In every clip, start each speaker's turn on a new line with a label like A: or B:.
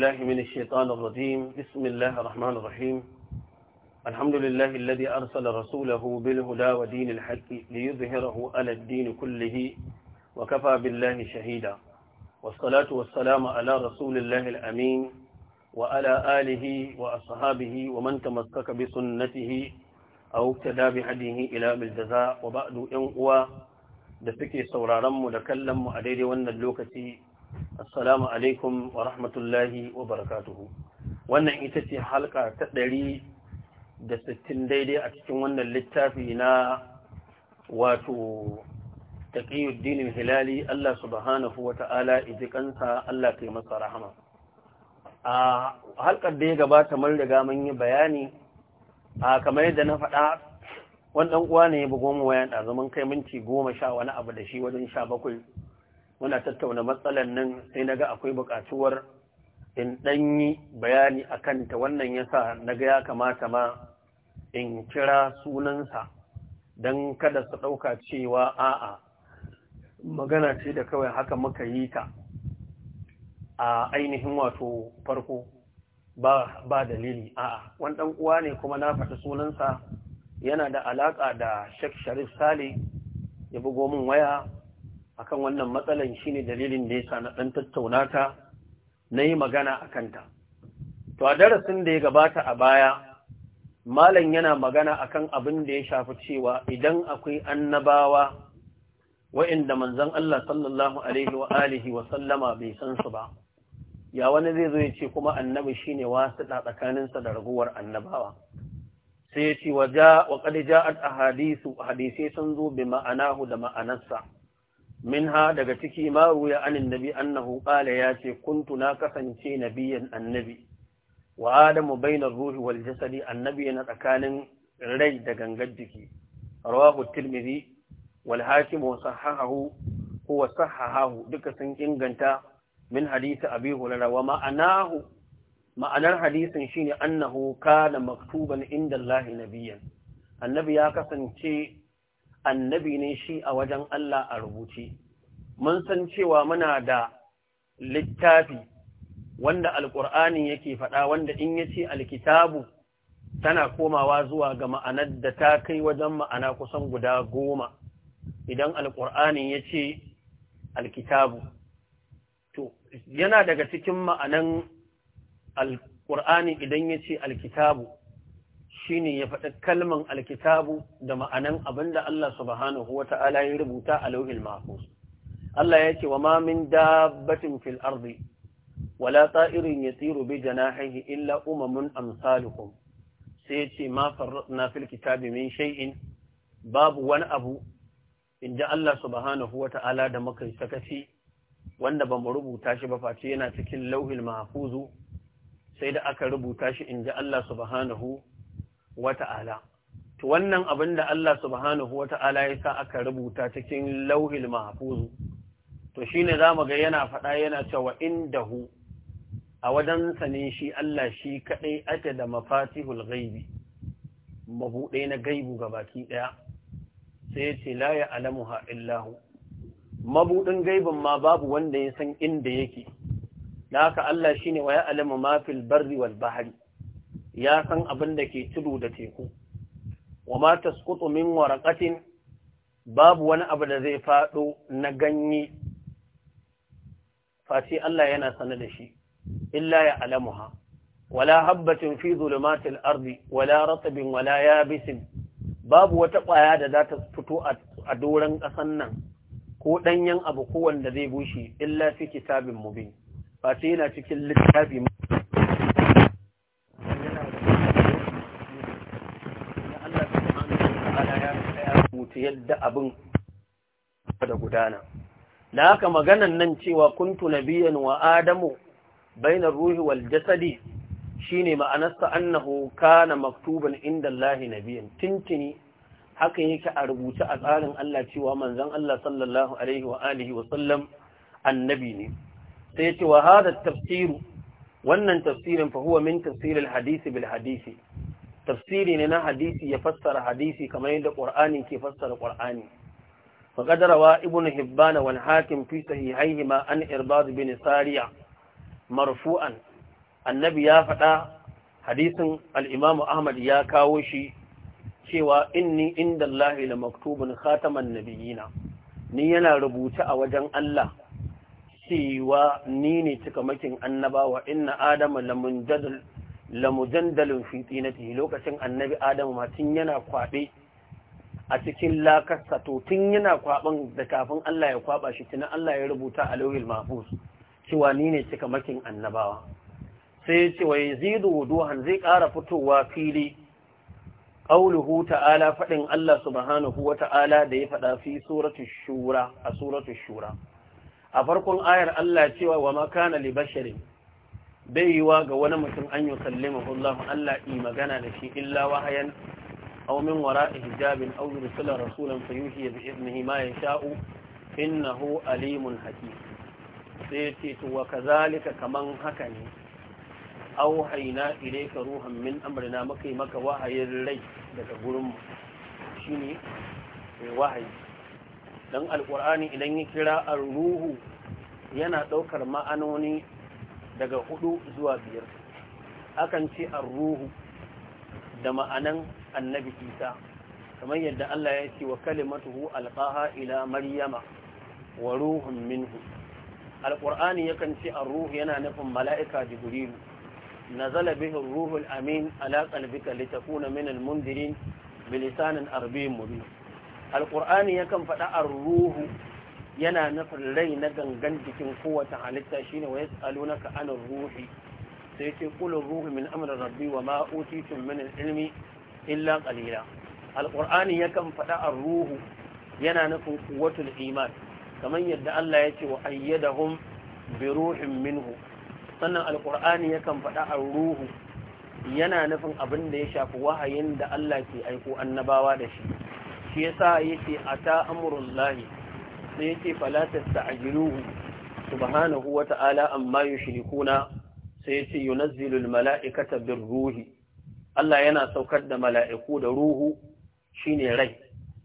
A: الله من الشيطان الرجيم بسم الله الرحمن الرحيم الحمد لله الذي أرسل رسوله بالهدى ودين الحق ليظهره على الدين كله وكفى بالله شهيدا والصلاة والسلام على رسول الله الأمين وعلى آله وأصحابه ومن تمسك بسنته أو اقتدى بهديه إلى بالجزاء وبعد ينقوى da suke sauraronmu da kallonmu a daidai wannan lokaci assalamu alaikum wa rahmatullahi wa barakatuhu wannan ita ce halka ta ɗari da sittin daidai a cikin wannan littafi na wato taƙiyuddinin hilali Allah subhanahu wa ta'ala ijikansa Allah kai masa rahama a halkar da ya gabata mun riga mun yi bayani a kamar yadda na faɗa wannan uwa ne ya bugon wayan da kai minti goma sha wani abu da shi wajen sha bakwai muna tattauna matsalar nan sai naga akwai buƙatuwar in ɗanyi bayani a kanta wannan yasa naga ya kamata ma in kira sunansa don kada su ɗauka cewa a'a magana ce da kawai haka muka yi ta a ainihin wato farko ba, ba dalili a'a wani ɗan uwa ne kuma na faɗi sunansa yana da alaƙa da Sheikh Sharif Sale ya bugo min waya akan wannan matsalan shine dalilin da yasa na dan tattauna ta na yi magana akan ta to a darasin da ya gabata a baya malam yana magana akan abin da ya shafi cewa idan akwai annabawa wa'inda manzon Allah sallallahu alaihi wa alihi wa sallama bai san su ba ya wani zai zo ya ce kuma annabi shine tsakanin tsakaninsa da raguwar annabawa sai ya ce wa qad ja'at ahadithu hadisi sun zo bi ma'anahu da ma'anarsa minha daga ciki ma ruya anin nabi annahu qala ya ce kuntu na kasance nabiyan annabi wa adamu bainar ruhi wal jasadi annabi yana tsakanin rai da gangar jiki rawahu tirmidhi wal hakim wa sahahahu huwa sahahahu duka sun inganta min hadisi abi hurairah wa ma'anahu ma'anar hadisin shine annahu kana maktuban inda na biyan. annabi ya kasance annabi ne shi a wajen Allah a rubuce mun san cewa muna da littafi wanda alƙur'ani yake faɗa wanda in yace alkitabu tana komawa zuwa ga ma'anar da ta kai wajen ma'ana kusan guda goma idan alƙur'ani ya alkitabu to yana daga cikin ma'anan alƙur'ani idan yace alkitabu ne ya faɗi kalman alkitabu da ma'anan abinda Allah subhanahu wata'ala ya rubuta a lauhin mahfuz Allah ya ce wa ma min dabbatin fil arzi, wala ya tsiro bi janahihi illa umamun amsalukum sai ya ce ma farradna fil kitabi min shai'in babu wani abu Inji Allah subhanahu ta'ala da muka sakaci wanda ba mu rubuta shi ba face yana cikin lauhin mahfuzu sai da aka rubuta shi inji Allah subhanahu wa to wannan abin da Allah subhanahu wa ta'ala ya sa aka rubuta cikin lauhil mahafuzu. to shine zamu ga yana faɗa yana cewa indahu a wajensa ne shi Allah shi kadai ake da mafatihul ghaibi mabuɗe na gaibu baki ɗaya sai ya ce la ya mabuɗin gaibin ma babu wanda ya san inda yake, da haka Allah shi ne wa ya alamu mafil barri wal bahari, ya san abin da ke tudu da teku wa ma tasqutu min babu wani abu da zai faɗo na ganye Fati Allah yana sana da shi illa ya alamuha wala habbatin fi zulumatil ardi wala ratbin wala yabisin babu wata ƙwaya da za ta fito a doran ƙasan nan ko ɗanyen abu kowanda zai bushe illa fi kitabin mubin Fati yana cikin littafi yadda abin da gudana da haka maganan nan cewa kuntu nabiyan wa adamu bainar ruhi wal jasadi shine ma'anarsa annahu kana maktuban inda Allah nabiyan tintini haka yake a rubuce a tsarin Allah cewa manzon Allah sallallahu alaihi wa alihi wa sallam annabi ne sai ya ce wa hada tafsiru wannan tafsirin fa huwa min tafsiril hadisi bil hadisi tafsiri ne na hadisi ya fassara hadisi kamar yadda qur'ani ke fassara qur'ani fa qadarawa ibn hibban wal hakim fi sahihayhi ma an irbad bin sariya marfu'an annabi ya faɗa hadisin al-imam ahmad ya kawo shi cewa inni inda Allah la maktubun khataman nabiyina ni yana rubuta a wajen Allah cewa ni ne cikamakin annabawa inna adama Lamun-Jadal. lamujandalin fi tinatihi lokacin annabi adamu ma tun yana kwaɓe a cikin lakarsa to tun yana kwaban da kafin Allah ya kwaɓa shi tun Allah ya rubuta a lauhin mahfuz cewa ni ne cika makin annabawa sai ya ce wa wuduhan zai ƙara fitowa fili qauluhu ta'ala fadin Allah subhanahu wa ta'ala da ya faɗa fi suratul shura a suratu shura a farkon ayar Allah cewa wa ma kana li basharin bai yiwa ga wani mutum an yi sallama Allah Allah yi magana da shi illa wahayan aumin wara a hijabin aw rasulun rasulan ya bi idnihi ma inna hu alimun haƙi sai ce to wa ka zalika kaman haka ne auhaina ka ruhan min maka yi maka wahayin rai daga gurin mu shine wahayi don alƙur'ani idan ya kira a ruhu yana ɗaukar ma'anoni daga hudu zuwa biyar akan ce ruhu da ma'anan annabi isa kamar yadda Allah ya ce wa kalimatuhu alqaha ila maryama wa ruhun minhu alqur'ani yakan ce a ruhu yana nufin mala'ika jibril nazala bihi ar-ruhul amin ala qalbika litakuna min al-mundirin bilisanin arabiy mubin alqur'ani yakan faɗa ar-ruhu yana nufin rai na gangan jikin kowace halitta shine wa na ka'anar ruhi sai ce qul ruhi min amri rabbi wa ma utitum min ilmi illa qalila alqur'ani yakan fada ar-ruhu yana nufin quwwatul iman kamar yadda Allah ya ce wa ayyadahum bi ruhin minhu sannan alqur'ani yakan faɗa ar-ruhu yana nufin abin da ya shafi wahayin da Allah ke aiko annabawa da shi shi yasa yace ata amrullahi sai yake fala tasta'jiluhu subhanahu wa ta'ala amma yushrikuna sai yace yunazzilu al-mala'ikata bir-ruhi Allah yana saukar da mala'iku da ruhu shine rai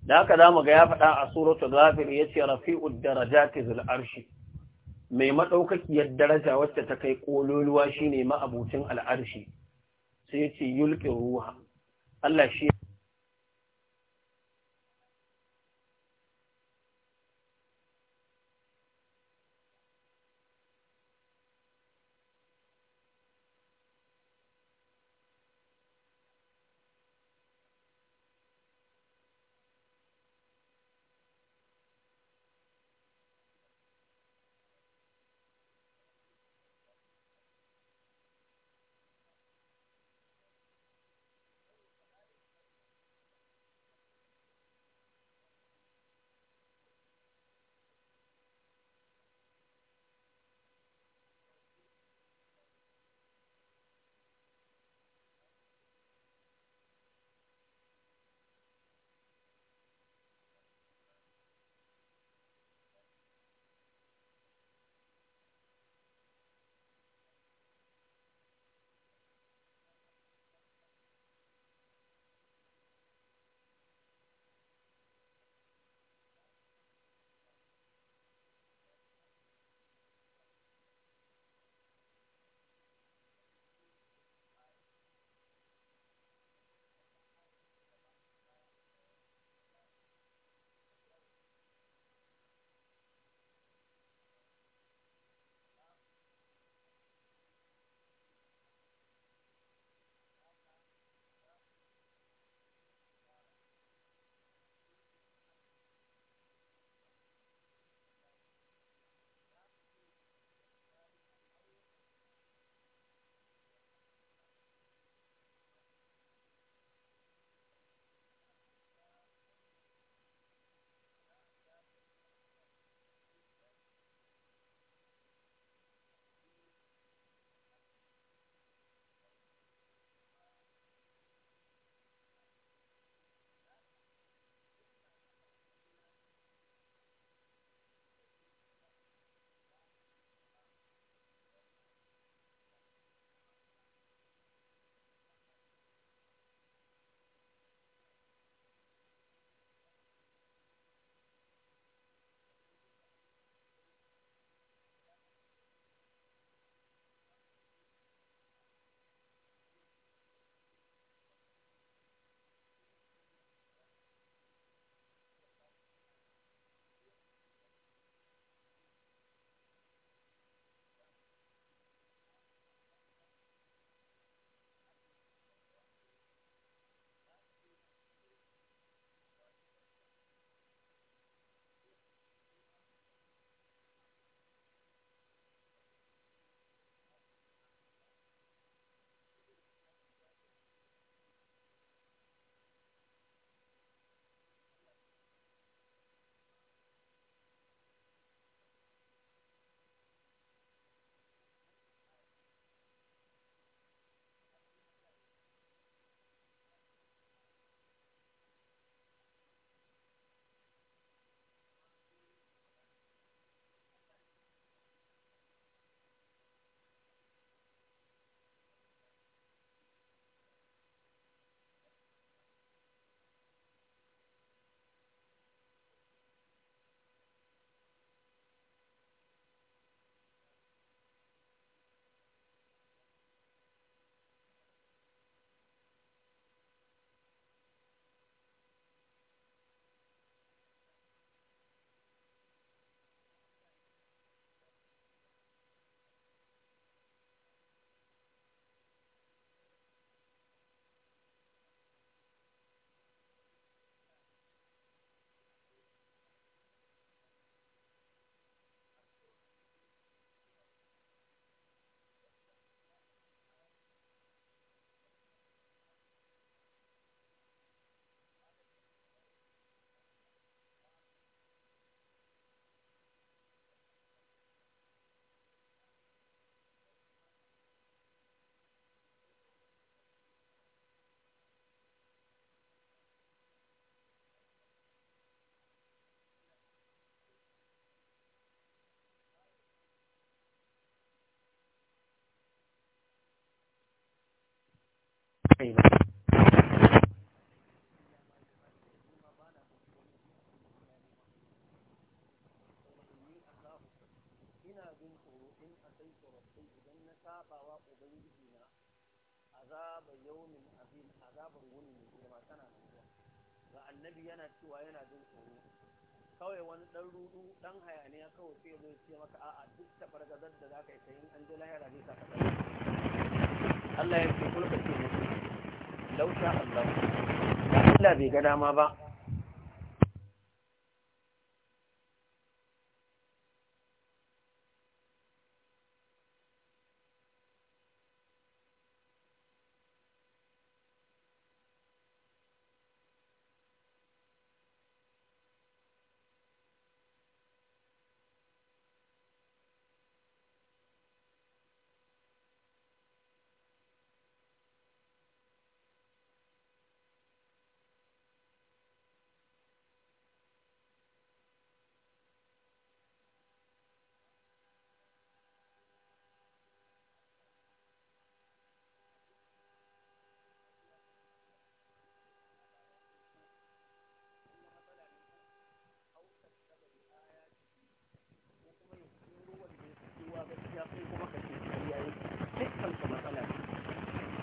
A: da haka zamu ga ya faɗa a suratul ghafir yace rafi'ud darajati zul arshi mai madaukakiyar daraja wacce ta kai kololuwa shine ma'abucin al'arshi sai yace yulqi ruha Allah shi in asaitu rabbi idan na saba wa ubangiji na azaba yawmin azim azabar wuni ne girma tana zuwa ga annabi yana cewa yana jin tsoro kawai wani dan rudu dan hayaniya kawai sai zai ce maka a'a duk ta bargazar da zaka yi sai an ji lahira zai saka Allah ya ce kulka ce musu lausa Allah Allah bai ga dama ba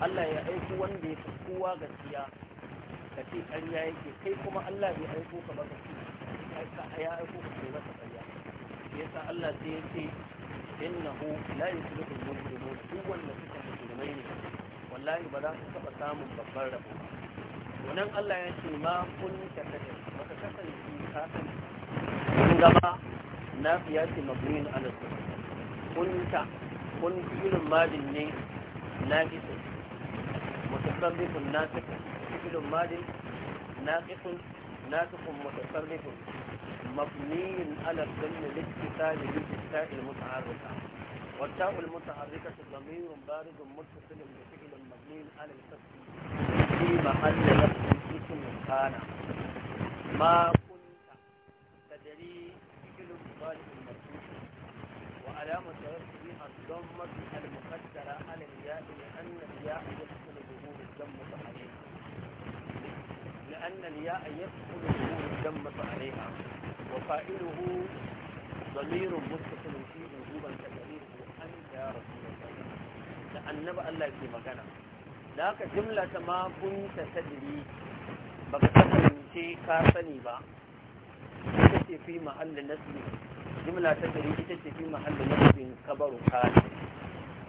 A: Allah ya aiko wanda ya fi kowa gaskiya ka ce ƙarya yake kai kuma Allah bai aiko ka ba gaskiya ya aiko ka kai masa ƙarya yasa Allah sai ya ce innahu la yuslihu al-mujrimun duk wanda suka mujrimai ne wallahi ba za su taɓa samun babban rabo wannan Allah ya ce ma kun ta kace Maka kasance ka san kun gama. na fiya fiyati mabnin ala kun ta kun fi'il majin ne na isa متصرف ناسخ فعل ماد ناقص ناسخ متصرف مبني على الضم للاتصال بالتاء المتحركة والتاء المتحركة ضمير بارد متصل بفعل مبني على الكسر في محل نفس اسم كان ما كنت تدري فعل مضارع مرفوع وعلامة رفعه الضمة المقدرة على الياء لأن الياء يحكم الدم عليها لأن الياء يدخل الدم عليها وفائله ضمير متصل فيه وجوبا كثير أنت يا رسول الله لأن نبأ الله في مكانه ذاك جملة ما كنت تدري بكتبت ce ka sani ba ita ce fi mahallin nasbi jimla ta gari ita ce fi mahallin nasbin kabaru kare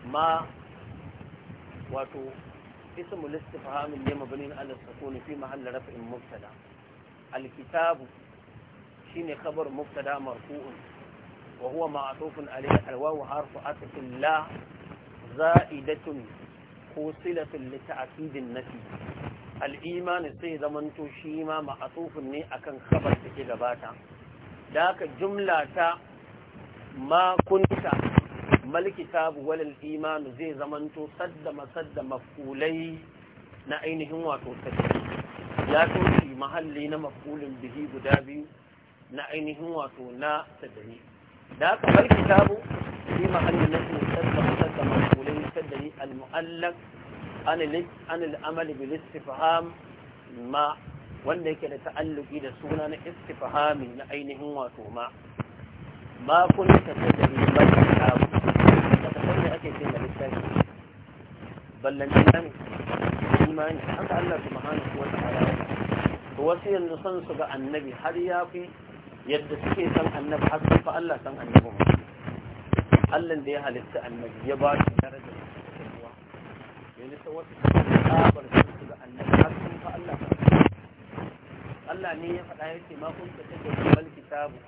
A: ma wato اسم الاستفهام اللي مبني على السكون في محل رفع مبتدا الكتاب شين خبر مبتدا مرفوع وهو معطوف عليه الواو حرف عطف لا زائدة وصلة لتأكيد النفي الإيمان سيد من تشيما معطوف ني أكن خبر تكي غباتا ذاك جملة ما كنت malkitabu walil imanu zai zamanto saddama saddama kulai na ainihin wato sadi ya kauce mahalli na mafulin bihi guda biyu na ainihin wato na saddani da aka malkitabu fi mahalli na saddama saddama kulai saddani al-mu'allaq an al'amal bil istifham ma wanda yake da ta'alluki da suna na istifhami na ainihin wato ma ma kun ta tadari ba ta ballanta ne imani haka Allah subhanahu wa ta'ala to wasu yanzu san su ga annabi har ya fi yadda suke san annabi har sun fa Allah san annabi Allah da ya halitta annabi ya ba shi daraja yanzu ta wasu sun su ga annabi har sun fa Allah Allah ne ya faɗa ya ce makon ta take bal kitabu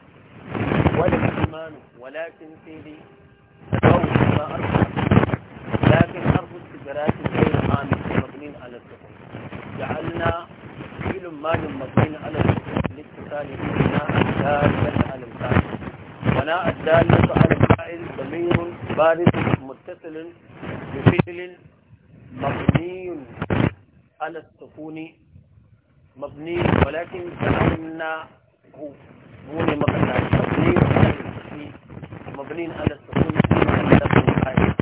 A: wal imanu walakin sai dai ما أرسل لكن استدراك غير عامل على الدخول جعلنا فعل مال مبني على الدخول للاتصال بناء الدالة على الفاعل بناء الدالة على الفاعل ضمير بارد متصل بفعل مبني على السكون مبني ولكن جعلنا هو مبني مبني على السكون مبني على السكون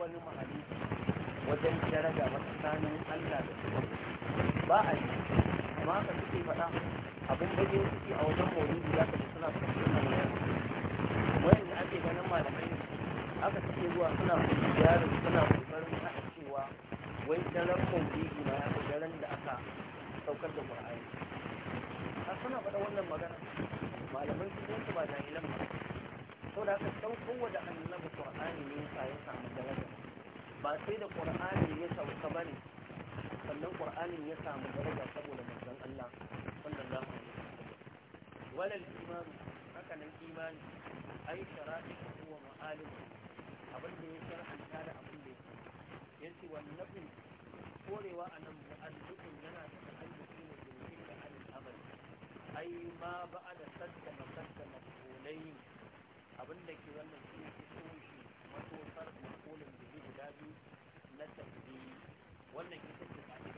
A: wani mahali wajen daraja ba tsakanin Allah da su ba a yi amma ka suke faɗa abin da ke suke a wajen maulidi za ka ji suna fasirin nan wayar wayanda ake ganin malamai aka suke zuwa suna yaron suna kokarin haɗa cewa wai daren maulidi ma ya fi daren da aka saukar da Qur'ani a suna faɗa wannan magana malaman su ba jahilan ba ko da haka san kowace annabi qur'ani ne yasa ya samu daraja ba sai da qur'ani ya sauka bane sannan qur'anin ya samu daraja saboda manzon Allah sallallahu alaihi wasallam walal iman haka nan imani ai sharadi wa ma'alim abin da ya shar'anta da abin da ya yace wannan korewa a anan mu'allifin yana da ta'alluqi ne da yin da al'amari ai ma ba'ada sadda maqaddama qulayn abin da ke wannan shi ne tushe matosar makolin biyu guda biyu na tafi wannan ita ce kaɗe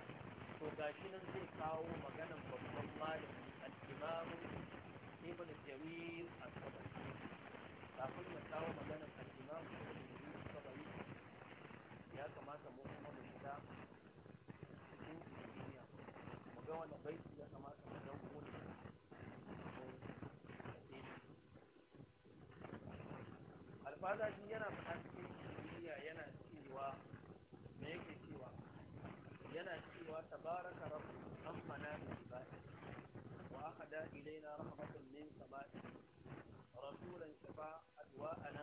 A: to gashi nan zai kawo maganan babban malami al-imamu ibn jarir al-sabari kafin ya kawo maganan al-imamu ibn jarir al-sabari ya kamata mu kuma mu shiga cikin duniya mu ga wani baiti fazaji yana faɗa cikin duniya yana cewa me yake cewa yana cewa tabaraka rabbu amma na bi ibadi wa akhada ilaina rahmatan min samai rasulan shafa adwa'ana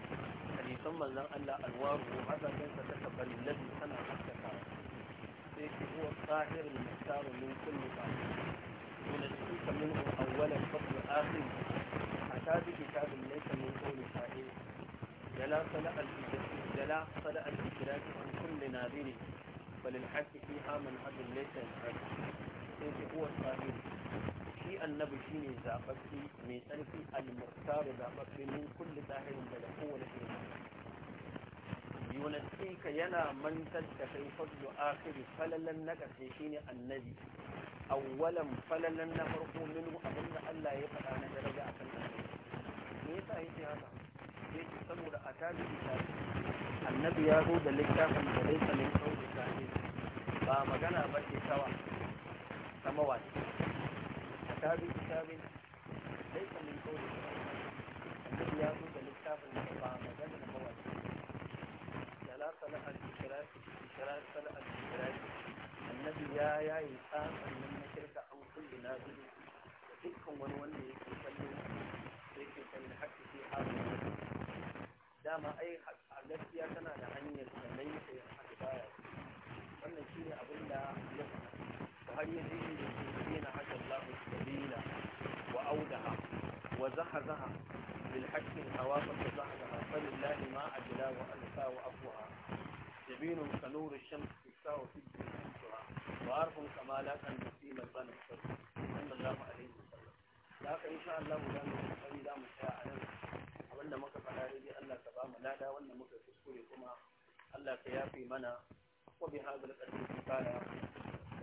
A: hadisan manzan Allah alwaru azaban sa ta tabbani nabi sana haskaka sai ki huwa sahir al-mustar min kulli qad min al-sulk min awwal al-fadl akhir hatta bi kitab mun min qawli sahih Dala sana al-ijaz jala sana al-ijraz an kulle nadiri فللحق فيها من حد sai ce kuwa sahiru shi annabi shi ne zaɓaɓɓe mai tsarki al-murtaru zaɓaɓɓe min kulle zahirin daga kowane irin Yunatika yana mantar da kai fadlu akhiri falalan na ƙarshe ne annabi awwalan falalan na farko minhu abinda Allah ya faɗa na daraja a annabi me yasa yake haka yake saboda a tabi'i annabi ya zo da littafin da laysa min qawli ba magana ba ce tawa samawati kitabi kitabin laysa min qawli annabi ya zo da littafin da ba magana da mawaki da sala al ikrar ikrar sala al ikrar annabi ya yayi nan na shirka an kulli Da dukkan wani wanda yake kallo yake kallo hakki sai haru dama ai a gaskiya tana da hanyar ومن يزيد للمسلمين عسى الله السبيل وأودها وزحزها للحق الهوى فزحزها فلله ما أجلا وألفى وأفوها جبين كنور الشمس تكسى وفي شمسها وعرف كما لا كان نسيم البن صلى الله عليه وسلم لكن إن شاء الله لا نستطيع لا مشاعر أولا مكفى لا يجي ألا تبام لا لا ولا مكفى تسكركما ألا تيافي منا وبهذا الأسلوب قال